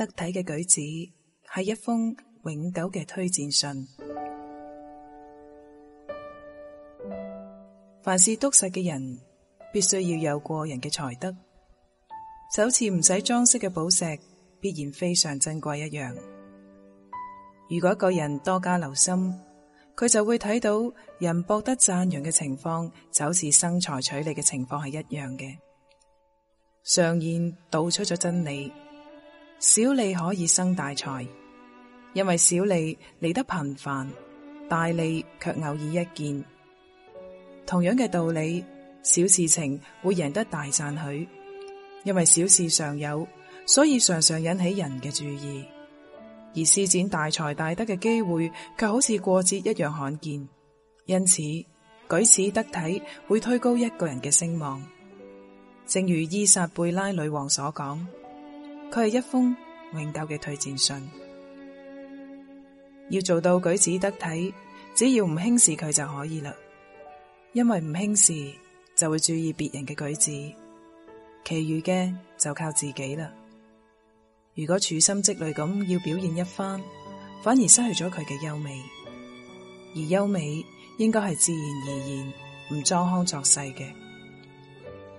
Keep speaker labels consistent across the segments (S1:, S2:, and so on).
S1: 得體嘅舉止係一封永久嘅推薦信。凡事篤實嘅人，必須要有過人嘅才德。就好似唔使裝飾嘅寶石，必然非常珍貴一樣。如果一個人多加留心，佢就會睇到人博得讚揚嘅情況，就好似生財取利嘅情況係一樣嘅。常言道出咗真理。小利可以生大財，因為小利嚟得頻繁，大利卻偶爾一見。同樣嘅道理，小事情會贏得大讚許，因為小事常有，所以常常引起人嘅注意。而施展大才大德嘅機會，卻好似過節一樣罕見。因此，舉止得體會推高一個人嘅聲望。正如伊莎貝拉女王所講。佢係一封永久嘅推薦信，要做到舉止得體，只要唔輕視佢就可以啦。因為唔輕視就會注意別人嘅舉止，其餘嘅就靠自己啦。如果處心積慮咁要表現一番，反而失去咗佢嘅優美，而優美應該係自然而然，唔裝腔作勢嘅。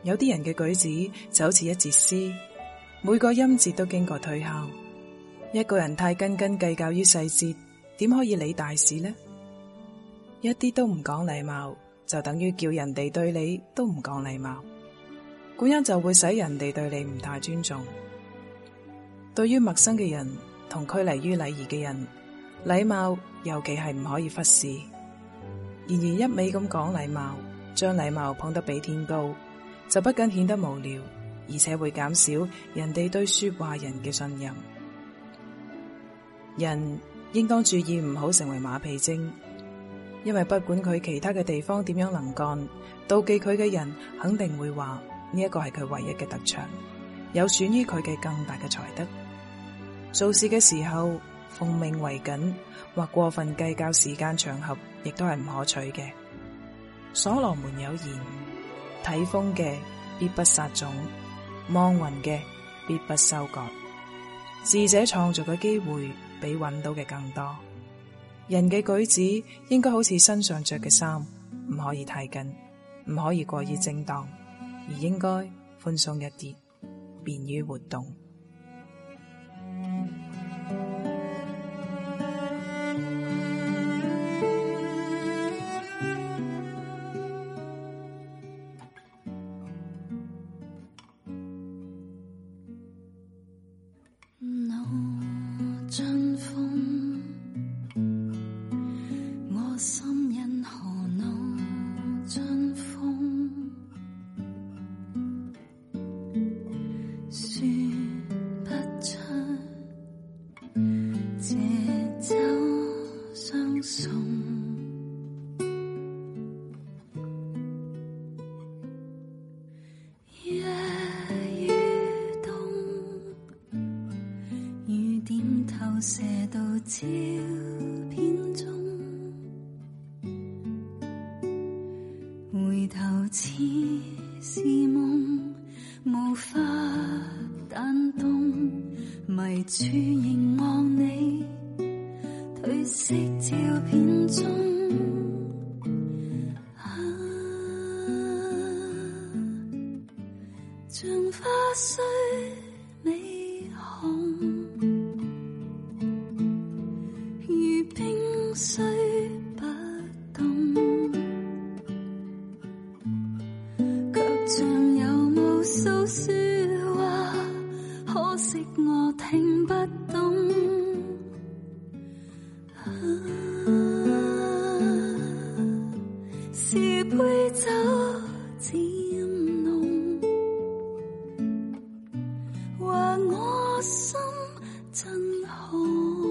S1: 有啲人嘅舉止就好似一節詩。每個音節都經過推敲，一個人太斤斤計較於細節，點可以理大事呢？一啲都唔講禮貌，就等於叫人哋對你都唔講禮貌，咁樣就會使人哋對你唔太尊重。對於陌生嘅人同拘離於禮儀嘅人，禮貌尤其係唔可以忽視。然而一味咁講禮貌，將禮貌捧得比天高，就不僅顯得無聊。而且會減少人哋對說話人嘅信任。人應當注意唔好成為馬屁精，因為不管佢其他嘅地方點樣能幹，妒忌佢嘅人肯定會話呢一個係佢唯一嘅特長，有損於佢嘅更大嘅才德。做事嘅時候奉命唯謹或過分計較時間場合，亦都係唔可取嘅。所羅門有言，睇風嘅必不撒種。望雲嘅必不收割，智者創造嘅機會比揾到嘅更多。人嘅舉止應該好似身上着嘅衫，唔可以太緊，唔可以過於正當，而應該寬鬆一啲，便於活動。
S2: 射到照片中，回頭似是夢，無法彈動，迷住凝望你，褪色照片中，啊，像花雖美紅。雖不懂，卻像有無數說話，可惜我聽不懂。是杯酒漸濃，或我心真紅。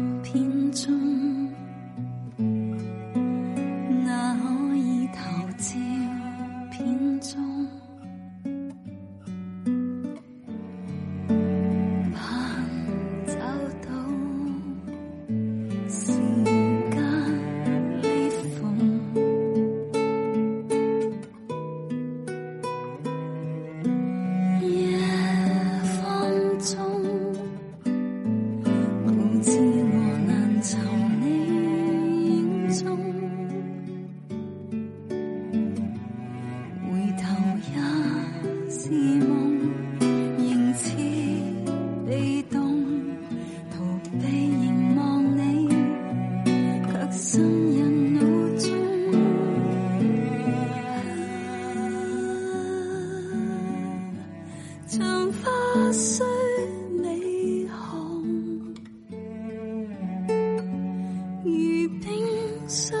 S2: 深印腦中，像花雖美紅，如冰霜。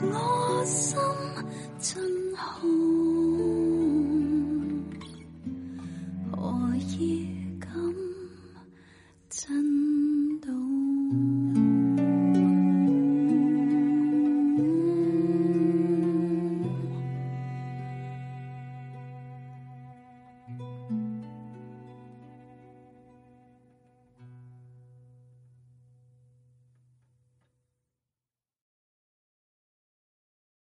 S2: 我心。